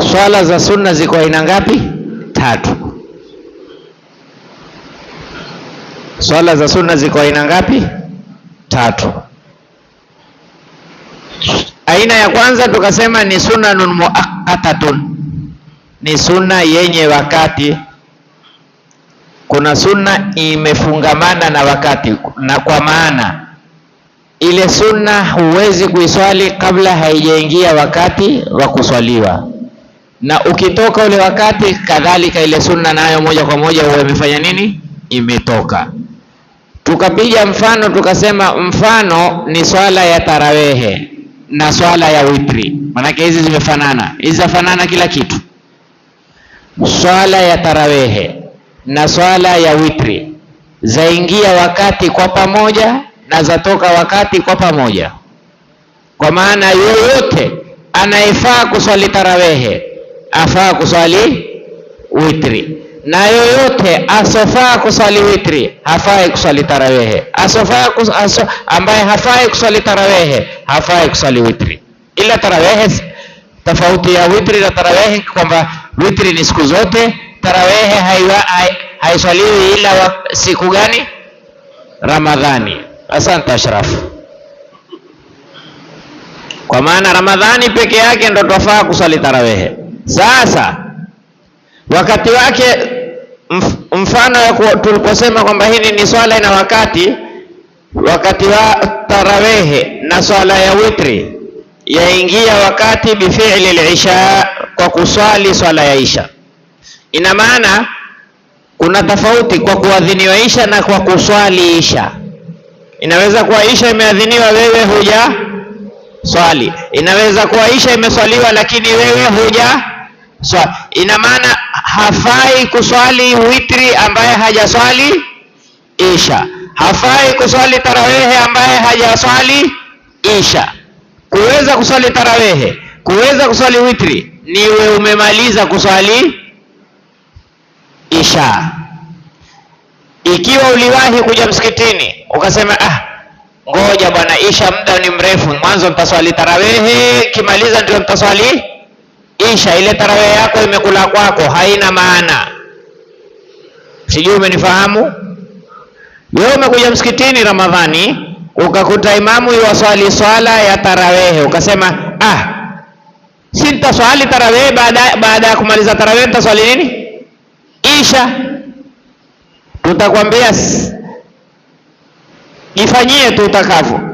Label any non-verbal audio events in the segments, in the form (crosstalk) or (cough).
Swala za sunna ziko aina ngapi? Tatu. Swala za sunna ziko aina ngapi? Tatu. Aina ya kwanza tukasema ni sunnatun muakkatatun, ni sunna yenye wakati. Kuna sunna imefungamana na wakati, na kwa maana ile sunna huwezi kuiswali kabla haijaingia wakati wa kuswaliwa na ukitoka ule wakati kadhalika, ile sunna nayo moja kwa moja huwa imefanya nini, imetoka. Tukapiga mfano tukasema, mfano ni swala ya tarawehe na swala ya witri, maanake hizi zimefanana, hizi zafanana kila kitu. Swala ya tarawehe na swala ya witri zaingia wakati kwa pamoja na zatoka wakati kwa pamoja, kwa maana yoyote anayefaa kuswali tarawehe afaa kuswali witri, na yoyote asofaa kuswali witri hafai kuswali tarawehe. Asofaa kus, aso, ambaye hafai kuswali tarawehe hafai kuswali witri, ila tarawehe. Tofauti ya witri na tarawehe kwamba witri ni siku zote, tarawehe haiswaliwi hai, ila wa, siku gani? Ramadhani. Asante Ashraf. Kwa maana Ramadhani peke yake ndo twafaa kuswali tarawehe. Sasa wakati wake mfano tuliposema kwamba hili ni swala ina wakati, wakati wa tarawehe na swala ya witri yaingia wakati bifi'li al-isha, kwa kuswali swala ya isha. Ina maana kuna tofauti kwa kuadhiniwa isha na kwa kuswali isha. Inaweza kuwa isha imeadhiniwa, wewe huja swali. Inaweza kuwa isha imeswaliwa, lakini wewe huja so, Ina maana hafai kuswali witri ambaye hajaswali isha, hafai kuswali tarawehe ambaye hajaswali isha. Kuweza kuswali tarawehe, kuweza kuswali witri, niwe umemaliza kuswali isha. Ikiwa uliwahi kuja msikitini ukasema ah, ngoja bwana, isha muda ni mrefu, mwanzo nitaswali tarawehe, kimaliza ndio nitaswali Isha ile tarawe yako imekula kwako, haina maana. Sijui umenifahamu? Wewe umekuja msikitini Ramadhani ukakuta imamu iwaswali swala ya tarawehe ukasema ah, si ntaswali tarawehe baada baada ya kumaliza tarawehe nitaswali nini? Isha. Tutakwambia jifanyie tu utakavyo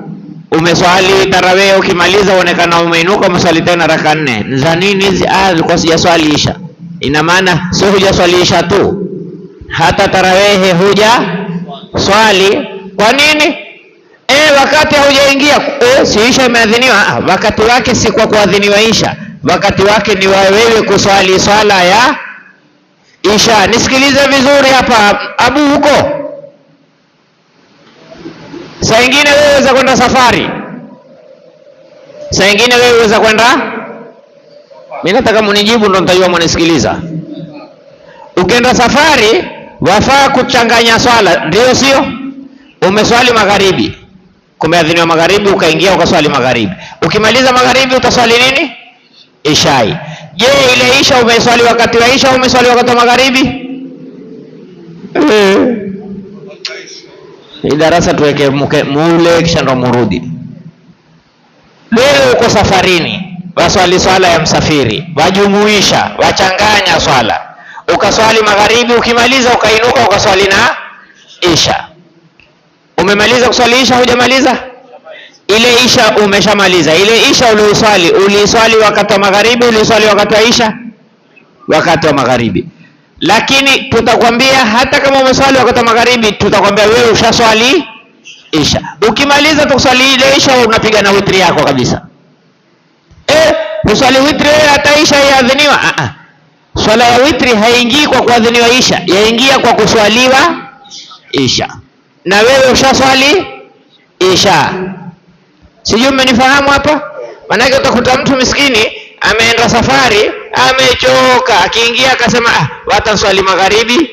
umeswali tarawih ukimaliza uonekana umeinuka umeswali tena raka nne za nini hizi? Ah, zilikuwa sijaswaliisha. Ina maana sio hujaswaliisha tu, hata tarawehe huja swali. Kwa nini? E, wakati haujaingia e, eh, siisha imeadhiniwa. Ah, wakati wake si kwa kuadhiniwa isha, wakati wake ni wawewe kuswali swala ya isha. Nisikilize vizuri hapa, Abu huko Saa ingine wewe weza kwenda safari, saa ingine wewe weza kwenda. Mimi nataka munijibu, ndo nitajua mwanisikiliza. Ukienda safari wafaa kuchanganya swala, ndio sio? Umeswali magharibi, kumeadhiniwa magharibi, ukaingia ukaswali magharibi, ukimaliza magharibi utaswali nini? Ishai. Je, ile isha umeswali wakati wa isha, umeswali wakati wa magharibi? Eh. Hii darasa tuweke mule kisha ndo murudi. Leo uko safarini, waswali swala ya msafiri, wajumuisha, wachanganya swala, ukaswali magharibi, ukimaliza ukainuka ukaswali na isha. Umemaliza kuswali isha? Hujamaliza ile isha, umeshamaliza ile isha ulioswali. Uliiswali wakati wa magharibi? Uliiswali wakati wa isha? Wakati wa magharibi lakini tutakwambia hata kama umeswali wakati magharibi, tutakwambia wewe ushaswali isha. Ukimaliza tukuswali ile isha, unapiga na witri yako kabisa. Eh, uswali witri wewe, hata isha iadhiniwa? A ah, a, ah. swala ya witri haingii kwa kuadhiniwa isha, yaingia kwa kuswaliwa isha, na wewe ushaswali isha. Sijui mmenifahamu hapa? Maanake utakuta mtu miskini ameenda safari amechoka, akiingia akasema ah, wataswali magharibi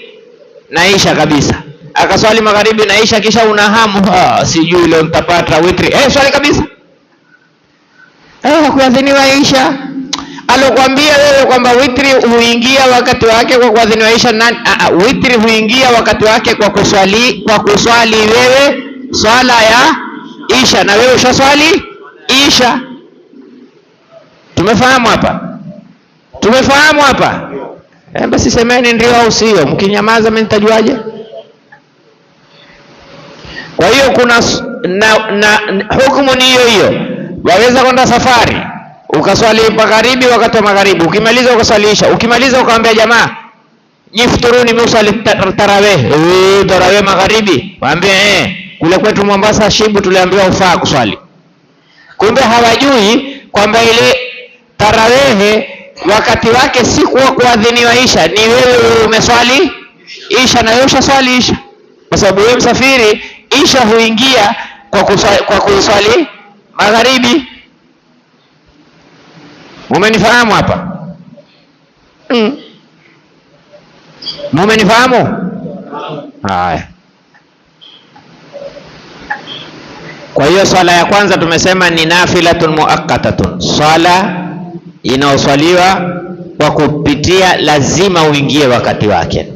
naisha kabisa, akaswali magharibi naisha, kisha unahamu hamu ah, sijui leo nitapata witri eh, swali kabisa eh, kuadhiniwa isha alokuambia wewe kwamba witri huingia wakati wake kwa kuadhiniwa isha nani? Ah, ah, witri huingia wakati wake kwa kuswali, kwa kuswali wewe swala ya isha, na wewe ushaswali isha. Tumefahamu hapa. Tumefahamu hapa eh? Basi semeni ndio au sio. Mkinyamaza mimi nitajuaje? Kwa hiyo kuna na, na hukumu ni hiyo hiyo. Waweza kwenda safari ukaswali magharibi wakati wa magharibi, ukimaliza ukaswaliisha, ukimaliza ukaambia jamaa jifturuni, mswali tarawih eh, tarawih magharibi. Waambie eh, kule kwetu Mombasa Shibu tuliambiwa ufaa kuswali, kumbe hawajui kwamba ile tarawehe wakati wake si kuwa kuadhiniwa isha, ni wewe umeswali isha na wewe ushaswali isha, kwa sababu wewe msafiri, isha huingia kwa kuswali, kwa kuswali magharibi. Mumenifahamu hapa? Mm. Mumenifahamu? Haya. Kwa hiyo swala ya kwanza tumesema ni nafilatun muakkatatun, swala inaoswaliwa kwa kupitia, lazima uingie wakati wake.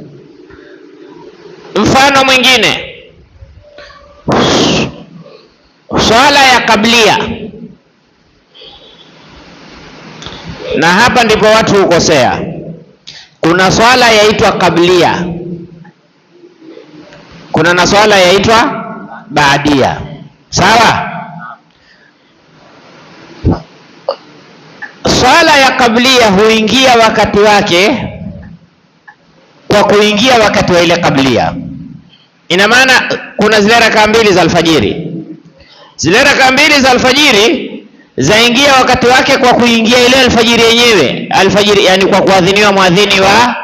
Mfano mwingine, swala ya kablia, na hapa ndipo watu hukosea. Kuna swala yaitwa kablia, kuna na swala yaitwa baadia, sawa kablia huingia wakati wake kwa kuingia wakati wa ile kablia. Ina maana kuna zile rakaa mbili za alfajiri, zile rakaa mbili za alfajiri zaingia wakati wake kwa kuingia ile alfajiri yenyewe, alfajiri yani kwa kuadhiniwa mwadhini wa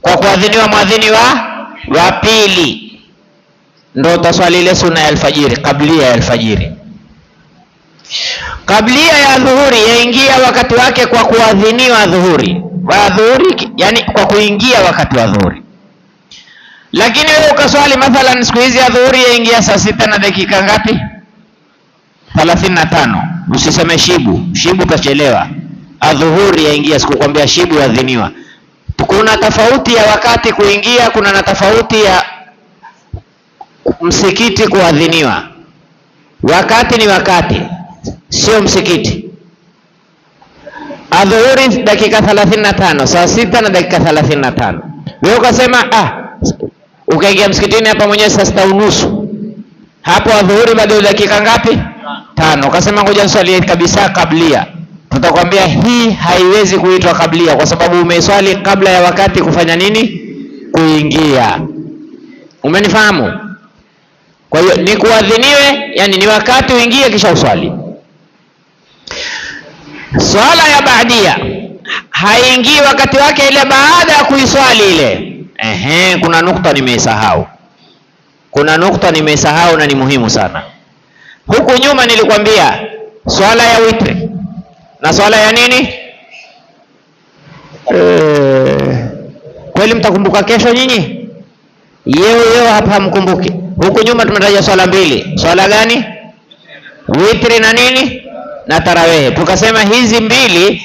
kwa kuadhiniwa mwadhini wa wa pili, ndo utaswali ile sunna ya alfajiri, kablia ya alfajiri kablia ya dhuhuri yaingia wakati wake kwa kuadhiniwa dhuhuri wa dhuhuri, yani kwa kuingia wakati wa dhuhuri. Lakini wewe ukaswali mathalan, siku hizi ya dhuhuri yaingia saa sita na dakika ngapi? thalathini na tano. Usiseme shibu shibu, utachelewa. Adhuhuri yaingia, sikukwambia shibu yadhiniwa Kuna tofauti ya wakati kuingia, kuna na tofauti ya msikiti kuadhiniwa. Wakati ni wakati sio msikiti. Adhuhuri dakika 35, na tano, saa sita na dakika 35. na tano. Wewe ukasema ah, ukaingia msikitini hapa mwenyewe saa sita unusu, hapo adhuhuri bado dakika ngapi? Tano. Ukasema ngoja niswalie kabisa kablia Tutakwambia hii haiwezi kuitwa kablia, kwa sababu umeswali kabla ya wakati kufanya nini? Kuingia. Umenifahamu? Kwa hiyo ni kuadhiniwe, yani ni wakati uingie, kisha uswali. Swala ya baadia haingii wakati wake ile baada ya kuiswali ile. Ehe, kuna nukta nimeisahau, kuna nukta nimeisahau na ni muhimu sana. Huku nyuma nilikwambia swala ya witri na swala ya nini eh, kweli mtakumbuka kesho nyinyi? Yeo yeo hapa hamkumbuki. Huku nyuma tumetaja swala mbili. Swala gani? Witri na nini na tarawehe. Tukasema hizi mbili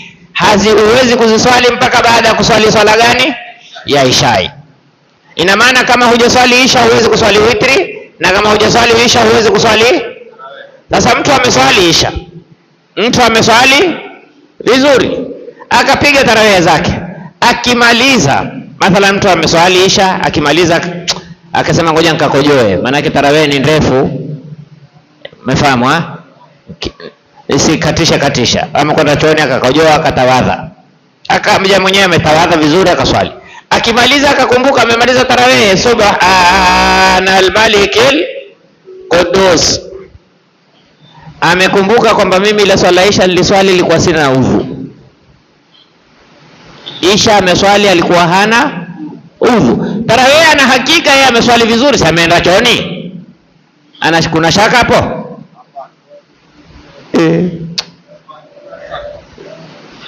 huwezi kuziswali mpaka baada ya kuswali swala gani? Ya ishai. Ina maana kama hujaswali isha huwezi kuswali witri, na kama hujaswali isha huwezi kuswali. Sasa mtu ameswali isha, mtu ameswali vizuri, akapiga tarawehe zake, akimaliza mathalan, mtu ameswali isha, akimaliza akasema ngoja nikakojoe, maanake tarawehe ni ndefu. Umefahamu? isikatisha katisha, amekwenda chooni akakojoa akatawadha, akamja mwenyewe ametawadha vizuri akaswali, akimaliza akakumbuka amemaliza tarawehe, subhana almalikil qudus, amekumbuka kwamba mimi ile swala isha niliswali ilikuwa sina na udhu. Isha ameswali alikuwa hana udhu, tarawehe ana hakika yeye ameswali vizuri, si ameenda chooni? Ana kuna shaka hapo? yote.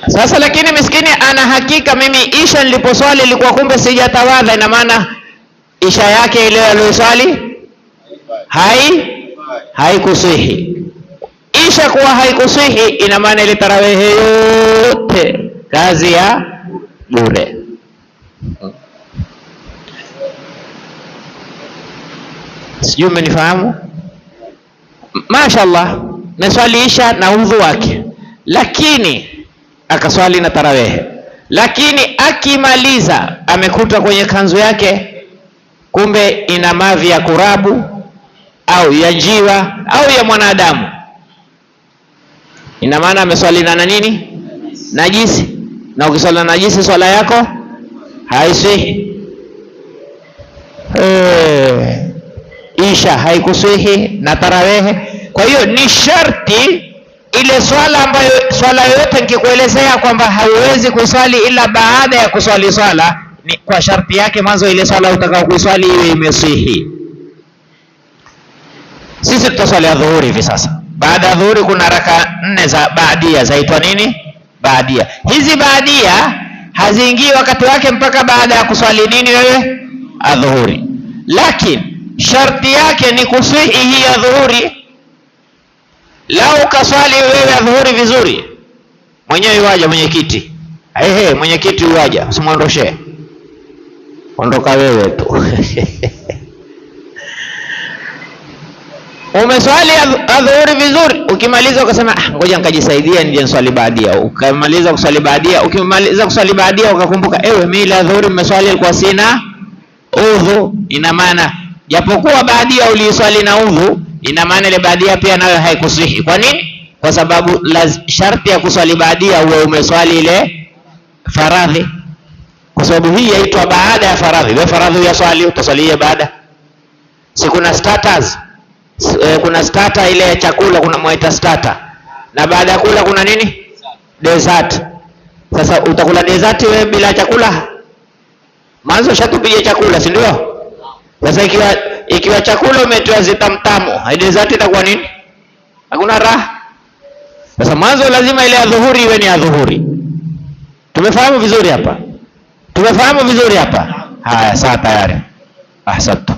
Sasa lakini miskini ana hakika, mimi isha niliposwali ilikuwa kumbe sijatawadha. Ina maana isha yake ile aliyoswali hai haikusihi. Isha kuwa haikusihi, ina maana ile tarawehe yote kazi ya bure. Sijui mmenifahamu? Mashaallah meswaliisha na udhu wake, lakini akaswali na tarawehe, lakini akimaliza amekuta kwenye kanzu yake kumbe ina mavi ya kurabu au ya njiwa au ya mwanadamu. Ina maana ameswali na nini? Najisi. Na ukiswali na najisi swala yako haiswihi. E, eh, isha haikuswihi na tarawehe kwa hiyo ni sharti ile swala ambayo swala yoyote nikikuelezea kwamba hauwezi kuiswali ila baada ya kuswali swala ni kwa sharti yake, mwanzo ile swala utakao kuswali iwe imesihi. Sisi tutaswali adhuhuri hivi sasa. Baada ya dhuhuri kuna raka nne za baadia, zaitwa nini? Baadia. Hizi baadia haziingii wakati wake mpaka baada ya kuswali nini wewe adhuhuri, lakini sharti yake ni kusihi hii adhuhuri Lau kaswali wewe adhuhuri vizuri, mwenyewe uwaja mwenyekiti. Ehe, mwenyekiti uwaja, usimwondoshe, ondoka wewe tu (laughs) umeswali adhuhuri vizuri, ukimaliza ukasema ah, ngoja nikajisaidia nije nswali baadia. Ukamaliza kuswali baadia, ukimaliza kuswali baadia ukakumbuka, ewe mimi ile adhuhuri nimeswali ilikuwa sina udhu. Ina maana japokuwa baadia uliiswali na udhu ina maana ile baadia pia nayo haikusihi. Kwa nini? Kwa sababu sharti ya kuswali baadia uwe umeswali ile faradhi, kwa sababu hii yaitwa baada ya faradhi. Wewe faradhi uyaswali, utaswalia baada. Si kuna starters, eh, kuna starter ile ya chakula, kuna mwaita starter, na baada ya kula kuna nini? Dessert. Sasa utakula dessert wewe bila chakula? Mwanzo shatupige chakula, si ndio? Sasa ikiwa ikiwa chakula umetoa zitamtamu, ile zati itakuwa nini? Hakuna raha. Sasa mwanzo lazima ile adhuhuri iwe ni adhuhuri. Tumefahamu vizuri hapa? Tumefahamu vizuri hapa? Haya, saa tayari. ahsant